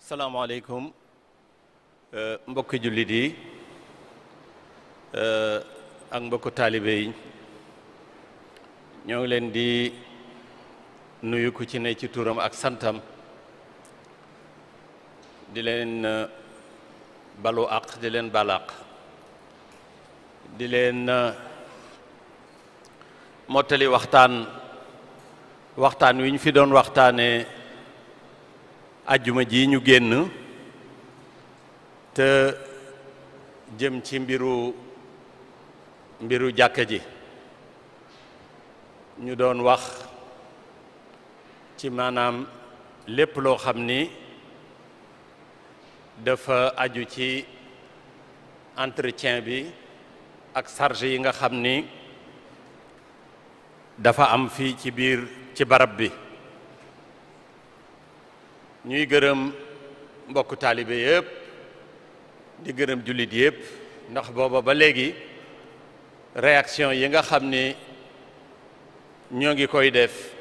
salaamaaleykum euh, mbokki jullit yi euh, ak mbokku taalibe yi ñoo ngi leen di nuyuku ci ne ci turam ak santam di leen euh, balu di leen balaq di leen mottali waxtaan waxtaan wi ñu fi doon waxtaanee. ajjuma ji ñu génn te jëm ci mbiru mbiru jàkka ji ñu doon wax ci maanaam lépp loo xam ni dafa aju ci entretien bi ak sarge yi nga xam ni dafa am fii ci biir ci barab bi ñuy gërëm mbokk taalibe yëpp di gërëm jullit yëpp ndax booba ba léegi réaction yi nga xam ni ñoo ngi koy def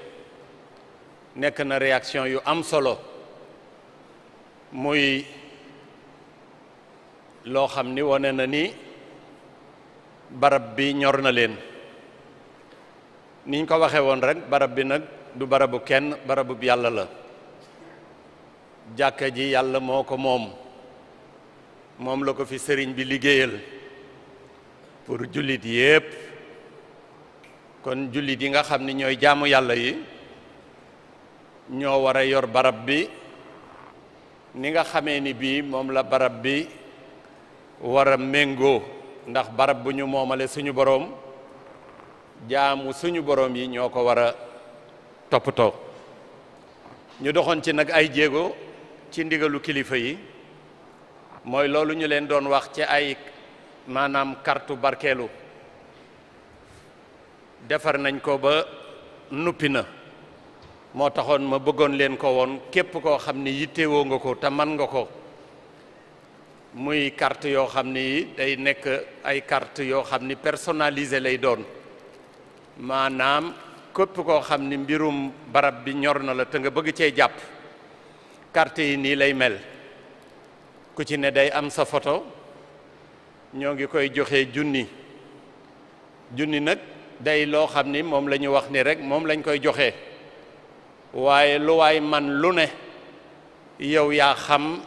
nekk na réaction yu am solo muy loo xam ni wane na ni barab bi ñor na leen niñ ko waxee woon rek barab bi nag du barabu kenn barabu yàlla la jàkka ji yàlla moo ko moom moom la ko fi sëriñ bi liggéeyal pour jullit yépp kon jullit yi nga xam ni ñooy jaamu yàlla yi ñoo war a yor barab bi ni nga xamee ni bii moom la barab bi war a méngoo ndax barab bu ñu moomale suñu boroom jaamu suñu boroom yi ñoo ko war a toppatoo ñu doxoon ci nag ay jéego ci ndigalu kilifa yi mooy loolu ñu leen doon wax ci ay maanaam kartu barkeelu defar nañ ko ba nuppi na moo taxoon ma bëggoon leen ko woon képp koo xam ni yittewoo nga ko te man nga ko muy carte yoo xam ni day nekk ay carte yoo xam ni personnalisé lay doon maanaam képp koo xam ni mbirum barab bi ñor na la te nga bëgg cee jàpp carte yi nii lay mel ku ci ne day am sa photo ñoo ngi koy joxe junni junni nag day loo xam ni moom la wax ni rek moom lañ koy joxe waaye lu waay man lu ne yow yaa xam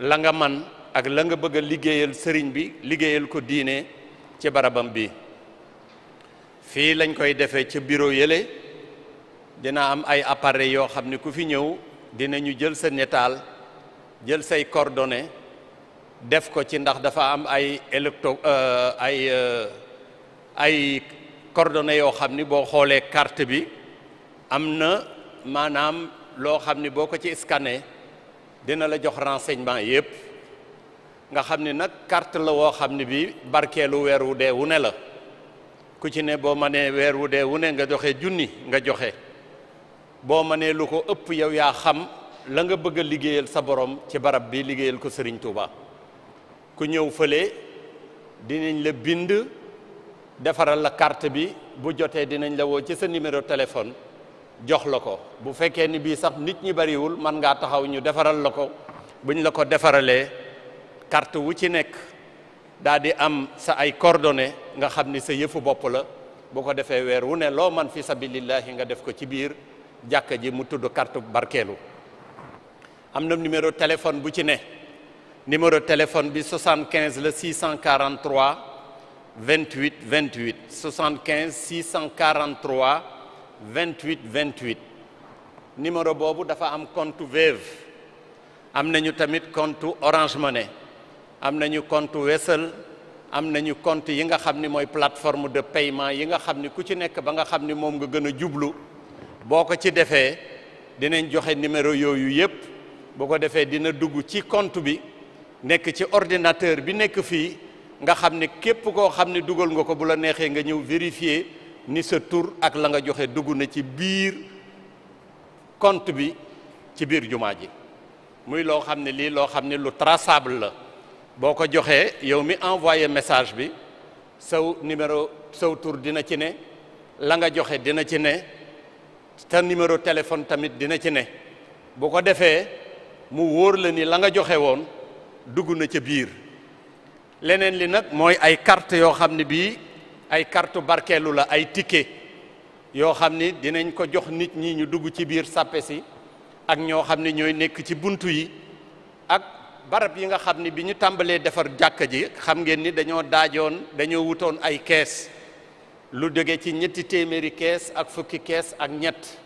la nga man ak la nga bëgg a liggéeyal sëriñ bi liggéeyal ko diine ci barabam bi fii lañ koy defee ca bureau yële dina am ay appareil yoo xam ni ku fi ñëw dinañu jël sa netaal jël say coordonnées def ko ci ndax dafa am ay électro euh, ay euh, ay coordonnées yoo xam ni boo xoolee carte bi am na maanaam loo xam ni boo ko ci scanné dina la jox renseignement yépp nga xam ni nag carte la woo xam ni bi barkeelu weer wu dee wu ne la ku ci ne boo mënee weer wu dee wu ne nga joxe junni nga joxe boo mënee lu ko ëpp yow yaa xam la nga bëgg liggéeyal sa borom ci barab bi liggéeyal ko Sëriñ Tuuba ku ñëw fële dinañ la bind defaral la carte bi bu jotee dinañ la woo ci sa numéro téléphone jox la ko bu fekkee ni bii sax nit ñi bariwul man ngaa taxaw ñu defaral la ko buñ la ko defaralee carte wu ci nekk daal di am sa ay coordonnées nga xam ni sa yëfu bopp la bu ko defee weer wu ne loo man fi sabilillahi nga def ko ci biir jàkka ji mu tudd carte barkeelu am na numéro téléphone bu ci ne numéro téléphone bi 75 la 643 28 28 75 643 28 28 numéro boobu dafa am compte Wave am nañu tamit compte Orange ne am nañu compte Wesel am nañu compte yi nga xam ni mooy plateforme de paiement yi nga xam ni ku ci nekk ba nga xam ni moom nga gën a jublu boo ko ci defee dinañ joxe numéro yooyu yëpp boo ko defee dina dugg ci compte bi nekk ci ordinateur bi nekk fii nga xam ne képp koo xam ne dugal nga ko bu la neexee nga ñëw vérifier ni sa tur ak la nga joxe dugg na ci biir compte bi ci biir jumaa ji muy loo xam ne lii loo xam ne lu traçable la boo ko joxee yow mi envoyé message bi saw numéro saw tur dina ci ne la nga joxe dina ci ne te numéro téléphone tamit dina ci ne bu ko defee mu wóor la ni la nga joxe woon dugg na ca biir leneen li nag mooy ay carte yoo xam ne bii ay kartu barkeelu la ay ticket yoo xam ni dinañ ko jox nit ñi ñu dugg ci biir sàppe si ak ñoo xam ne ñooy nekk ci bunt yi ak barab yi nga xam ni bi ñu tàmbalee defar jàkka ji xam ngeen ni dañoo daajoon dañoo wutoon ay kees lu jóge ci ñetti téeméeri kees ak fukki kees ak ñett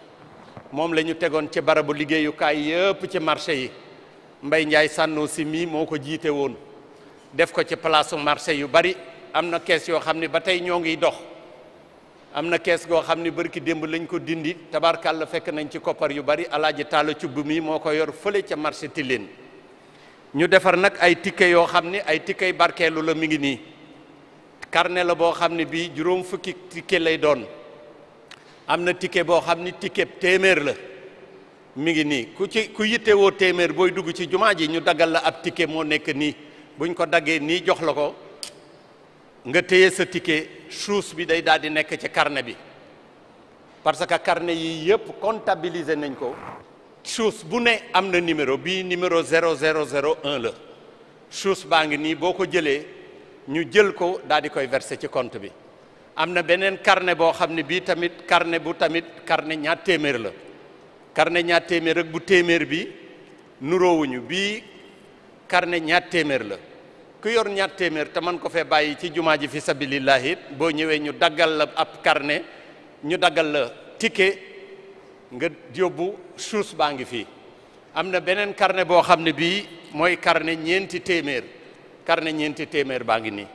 moom la ñu tegoon ci barabu liggéeyukaay yëpp ci marché yi Mbay Njaay sànnoo si mii moo ko jiite woon def ko ci palaasu marché yu bari am na kees yoo xam ne ba tey ñoo ngi dox am na kees goo xam ne barki démb lañ ko dindi tabarkàlla fekk nañ ci koppar yu bari alaaji Taala cubb mii moo ko yor fële ca marché Tilène ñu defar nag ay tikke yoo xam ne ay tikkey barkeelu la mi ngi nii carnet la boo xam ne bii juróom fukki ticket lay doon am na ticket boo xam ni ticket téeméer la mu ngi nii ku ci ku yittewoo téeméer booy dugg ci jumaa ji ñu daggal la ab ticket moo nekk nii buñ ko daggee nii jox la ko nga téye sa ticket chose bi day daal di nekk ci carnet bi parce que carnet yi yëpp comptabiliser nañ ko chose bu ne am na numéro bii numéro 0001 la chose baa ngi nii boo ko jëlee ñu jël ko daal di koy verser ci compte bi am na beneen carnet boo xam ne bii tamit carnet bu tamit carnet ñaar téeméer la carnet ñaar téeméer bu téeméer bi nuroowuñu bii carnet ñaar la ku yor ñaar téeméer te man ko fee bàyyi ci jumaa ji fi sabilillahi it boo ñëwee ñu daggal la ab carnet ñu daggal la ticket nga yóbbu suus baa ngi fii am na beneen carnet boo xam ne bii mooy carnet ñeenti téeméer carnet ñeenti téeméer baa ngi nii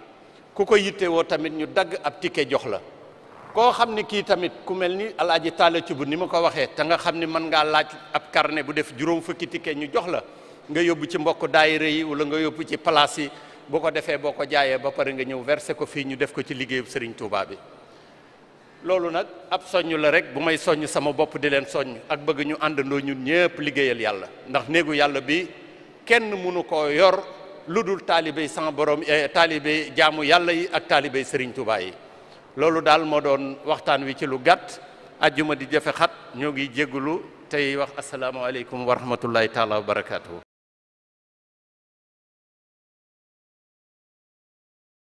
ku ko yitte woo tamit ñu dagg ab ticket jox la koo xam ni kii tamit ku mel ni alaaji taala ci bu ni ma ko waxee te nga xam ni mën ngaa laaj ab carnet bu def juróom fukki tikke ñu jox la nga yóbbu ci mbokk daayira yi wala nga yóbbu ci place yi bu ko defee boo ko jaayee ba pare nga ñëw verser ko fii ñu def ko ci liggéeyu Serigne Touba bi loolu nag ab soññ la rek bu may soññ sama bopp di leen soññ ak bëgg ñu àndandoo ñun ñëpp liggéeyal yàlla ndax néegu yàlla bi kenn mënu koo yor lu dul taalibey sans borom eh, taalibey jaamu yàlla yi ak taalibey Serigne Touba yi loolu daal moo doon waxtaan wi ci lu gàtt ajjuma di jafe xat ñoo ngi jéggulu tey wax asalaamaaleykum wa rahmatullahi taala wa barakaatu.